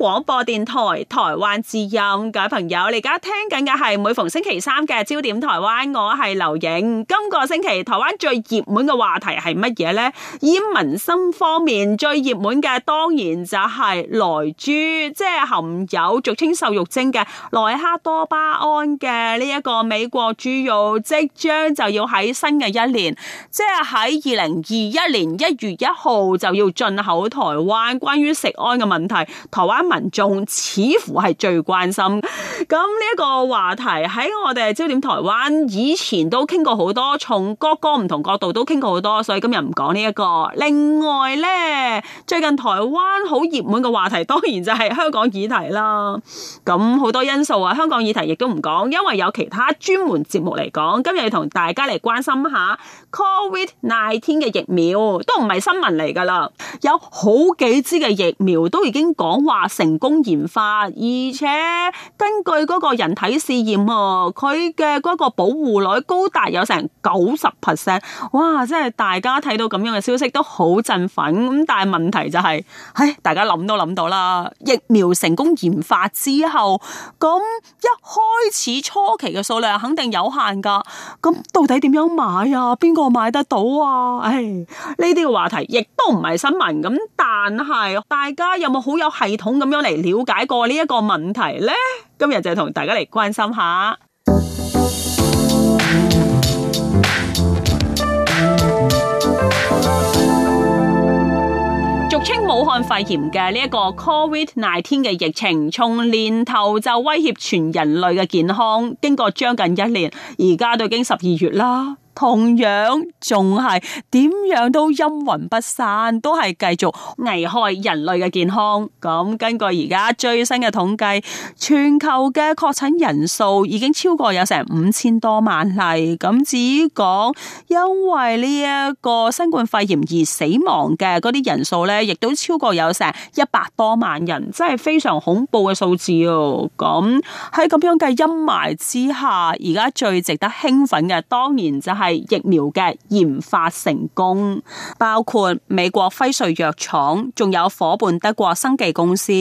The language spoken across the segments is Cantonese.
廣播電台臺灣之音，各位朋友，你而家聽緊嘅係每逢星期三嘅焦點臺灣，我係劉影。今個星期臺灣最熱門嘅話題係乜嘢呢？以民生方面最熱門嘅，當然就係萊豬，即係含有俗稱瘦肉精嘅萊克多巴胺嘅呢一個美國豬肉，即將就要喺新嘅一年，即係喺二零二一年一月一號就要進口臺灣。關於食安嘅問題，臺灣。民眾似乎係最關心咁呢一個話題，喺我哋焦點台灣以前都傾過好多，從各個唔同角度都傾過好多，所以今日唔講呢一個。另外呢，最近台灣好熱門嘅話題當然就係香港議題啦。咁好多因素啊，香港議題亦都唔講，因為有其他專門節目嚟講，今日要同大家嚟關心下，COVID-19 嘅疫苗都唔係新聞嚟㗎啦，有好幾支嘅疫苗都已經講話。成功研發，而且根據嗰個人體試驗，佢嘅嗰個保護率高達有成九十 percent，哇！真係大家睇到咁樣嘅消息都好振奮。咁但係問題就係、是，唉，大家諗都諗到啦，疫苗成功研發之後，咁一開始初期嘅數量肯定有限㗎。咁到底點樣買啊？邊個買得到啊？唉，呢啲嘅話題亦都唔係新聞，咁，但係大家有冇好有系統咁樣嚟了解過呢一個問題呢？今日就同大家嚟關心下。肺炎嘅呢一個 COVID-19 嘅疫情，從年頭就威脅全人類嘅健康，經過將近一年，而家都已經十二月啦。同樣仲係點樣都陰魂不散，都係繼續危害人類嘅健康。咁根據而家最新嘅統計，全球嘅確診人數已經超過有成五千多萬例。咁至於講因為呢一個新冠肺炎而死亡嘅啲人數咧，亦都超過有成一百多萬人，真係非常恐怖嘅數字哦。咁喺咁樣嘅陰霾之下，而家最值得興奮嘅，當然就係、是。疫苗嘅研發成功，包括美國輝瑞藥廠，仲有伙伴德國生技公司，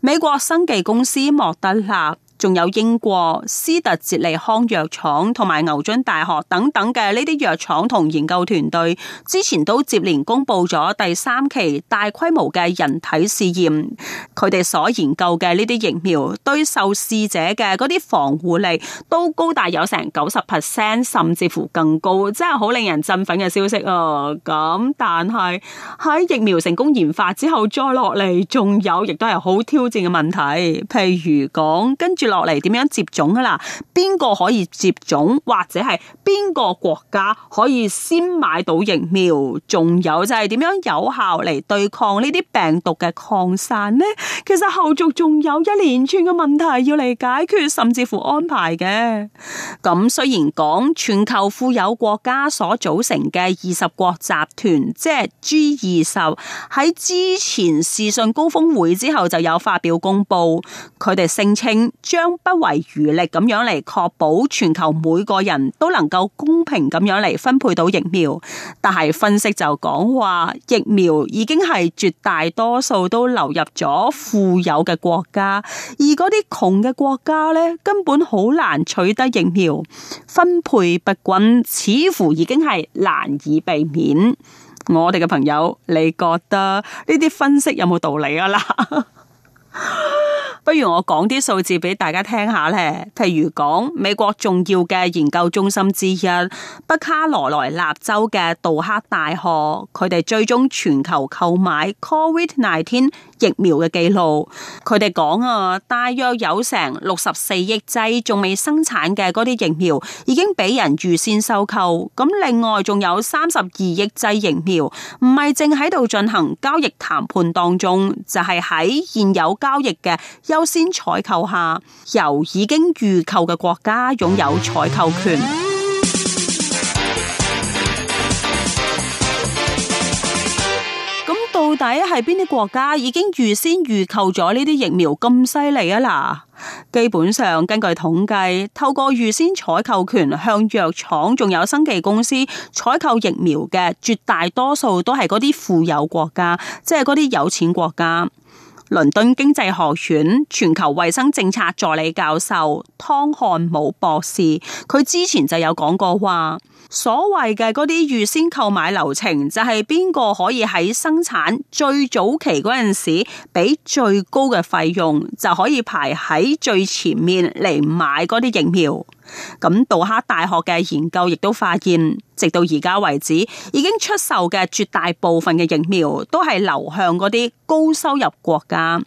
美國生技公司莫德納。仲有英國斯特捷利康藥廠同埋牛津大學等等嘅呢啲藥廠同研究團隊，之前都接連公布咗第三期大規模嘅人體試驗，佢哋所研究嘅呢啲疫苗對受試者嘅嗰啲防護力都高達有成九十 percent 甚至乎更高，真係好令人振奮嘅消息啊！咁但係喺疫苗成功研發之後再落嚟，仲有亦都係好挑戰嘅問題，譬如講跟住落。落嚟點樣接種噶啦？邊個可以接種，或者係邊個國家可以先買到疫苗？仲有就係點樣有效嚟對抗呢啲病毒嘅擴散呢？其實後續仲有一連串嘅問題要嚟解決，甚至乎安排嘅。咁、嗯、雖然講全球富有國家所組成嘅二十國集團，即係 G 二十，喺之前視訊高峰會之後就有發表公布，佢哋聲稱將。將不遺餘力咁樣嚟，確保全球每個人都能夠公平咁樣嚟分配到疫苗，但係分析就講話疫苗已經係絕大多數都流入咗富有嘅國家，而嗰啲窮嘅國家呢，根本好難取得疫苗，分配不均似乎已經係難以避免。我哋嘅朋友，你覺得呢啲分析有冇道理㗎喇？ 不如我講啲數字俾大家聽下咧，譬如講，美國重要嘅研究中心之一北卡羅來納州嘅杜克大學，佢哋追蹤全球購買 COVID nineteen 疫苗嘅記錄。佢哋講啊，大約有成六十四億劑仲未生產嘅嗰啲疫苗已經俾人預先收購，咁另外仲有三十二億劑疫苗唔係正喺度進行交易談判當中，就係喺現有交易嘅一。優先採購下，由已經預購嘅國家擁有採購權。咁 到底係邊啲國家已經預先預購咗呢啲疫苗咁犀利啊？嗱，基本上根據統計，透過預先採購權向藥廠仲有生技公司採購疫苗嘅，絕大多數都係嗰啲富有國家，即係嗰啲有錢國家。倫敦經濟學院全球衛生政策助理教授湯漢武博士，佢之前就有講過話。所謂嘅嗰啲預先購買流程，就係邊個可以喺生產最早期嗰陣時，俾最高嘅費用，就可以排喺最前面嚟買嗰啲疫苗。咁杜克大學嘅研究亦都發現，直到而家為止，已經出售嘅絕大部分嘅疫苗都係流向嗰啲高收入國家。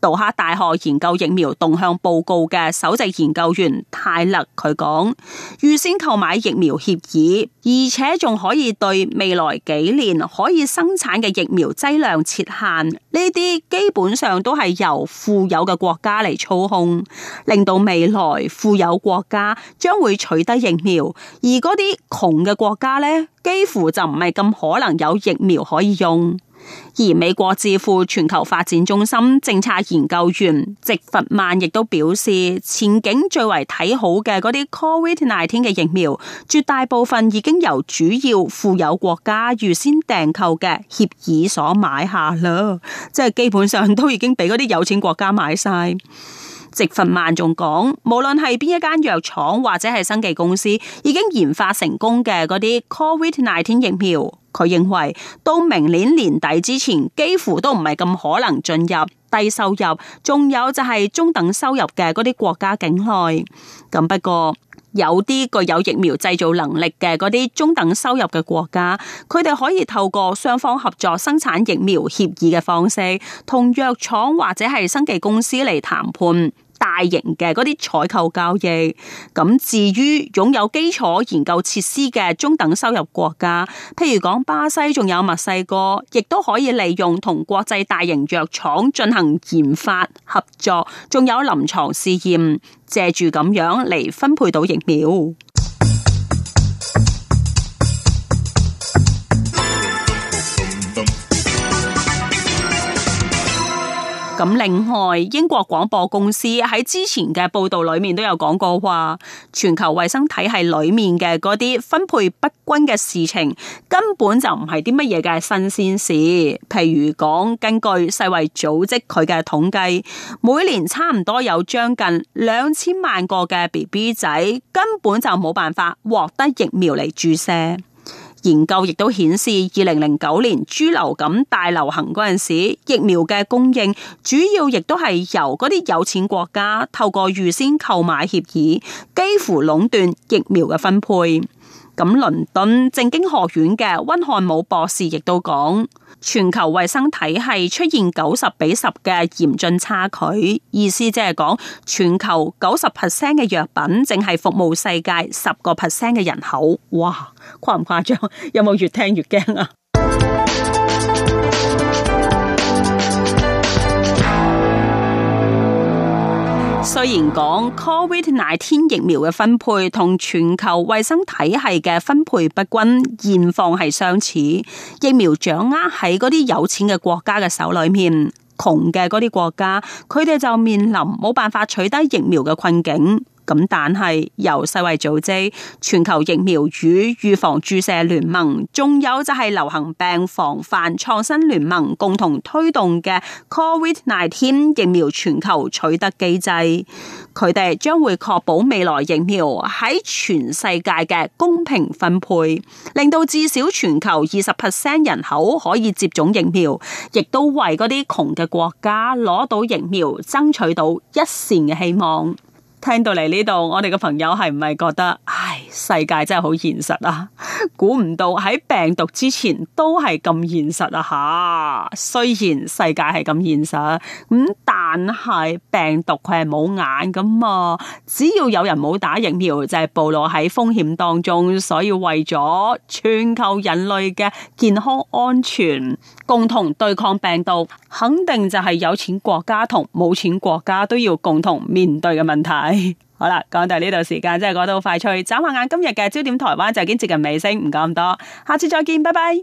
杜克大學研究疫苗動向報告嘅首席研究員泰勒佢講：預先購買疫苗協議，而且仲可以對未來幾年可以生產嘅疫苗劑量設限，呢啲基本上都係由富有嘅國家嚟操控，令到未來富有國家將會取得疫苗，而嗰啲窮嘅國家呢，幾乎就唔係咁可能有疫苗可以用。而美國智庫全球發展中心政策研究員直弗曼亦都表示，前景最為睇好嘅嗰啲 COVID-19 嘅疫苗，絕大部分已經由主要富有國家預先訂購嘅協議所買下啦，即係基本上都已經俾嗰啲有錢國家買晒。直佛萬仲講，無論係邊一間藥廠或者係生技公司，已經研發成功嘅嗰啲 COVID-19 疫苗，佢認為到明年年底之前，幾乎都唔係咁可能進入低收入，仲有就係中等收入嘅嗰啲國家境內。咁不過，有啲具有疫苗製造能力嘅嗰啲中等收入嘅國家，佢哋可以透過雙方合作生產疫苗協議嘅方式，同藥廠或者係生技公司嚟談判。大型嘅嗰啲採購交易，咁至於擁有基礎研究設施嘅中等收入國家，譬如講巴西，仲有墨西哥，亦都可以利用同國際大型藥廠進行研發合作，仲有臨床試驗，借住咁樣嚟分配到疫苗。咁另外，英國廣播公司喺之前嘅報道裏面都有講過，話全球衛生體系裏面嘅嗰啲分配不均嘅事情根本就唔係啲乜嘢嘅新鮮事。譬如講，根據世衛組織佢嘅統計，每年差唔多有將近兩千萬個嘅 BB 仔根本就冇辦法獲得疫苗嚟注射。研究亦都顯示，二零零九年豬流感大流行嗰陣時，疫苗嘅供應主要亦都係由嗰啲有錢國家透過預先購買協議，幾乎壟斷疫苗嘅分配。咁倫敦政經學院嘅溫漢武博士亦都講，全球衛生體系出現九十比十嘅嚴峻差距，意思即係講全球九十 percent 嘅藥品淨係服務世界十個 percent 嘅人口，哇，誇唔誇張？有冇越聽越驚啊？雖然講，Covid nineteen 疫苗嘅分配同全球衛生體系嘅分配不均現況係相似，疫苗掌握喺嗰啲有錢嘅國家嘅手裏面，窮嘅嗰啲國家，佢哋就面臨冇辦法取得疫苗嘅困境。咁，但係由世衛組織、全球疫苗與預防注射聯盟，仲有就係流行病防範創新聯盟共同推動嘅 COVID-19 疫苗全球取得機制，佢哋將會確保未來疫苗喺全世界嘅公平分配，令到至少全球二十 percent 人口可以接種疫苗，亦都為嗰啲窮嘅國家攞到疫苗，爭取到一線嘅希望。聽到嚟呢度，我哋嘅朋友係唔係覺得，唉，世界真係好現實啊！估唔到喺病毒之前都係咁現實啊吓，雖然世界係咁現實，咁但係病毒佢係冇眼噶嘛，只要有人冇打疫苗就係暴露喺風險當中，所以為咗全球人類嘅健康安全，共同對抗病毒，肯定就係有錢國家同冇錢國家都要共同面對嘅問題。好啦，講到呢度時間真係講到快脆，眨下眼，今日嘅焦點台灣就已經接近尾聲，唔講咁多，下次再見，拜拜。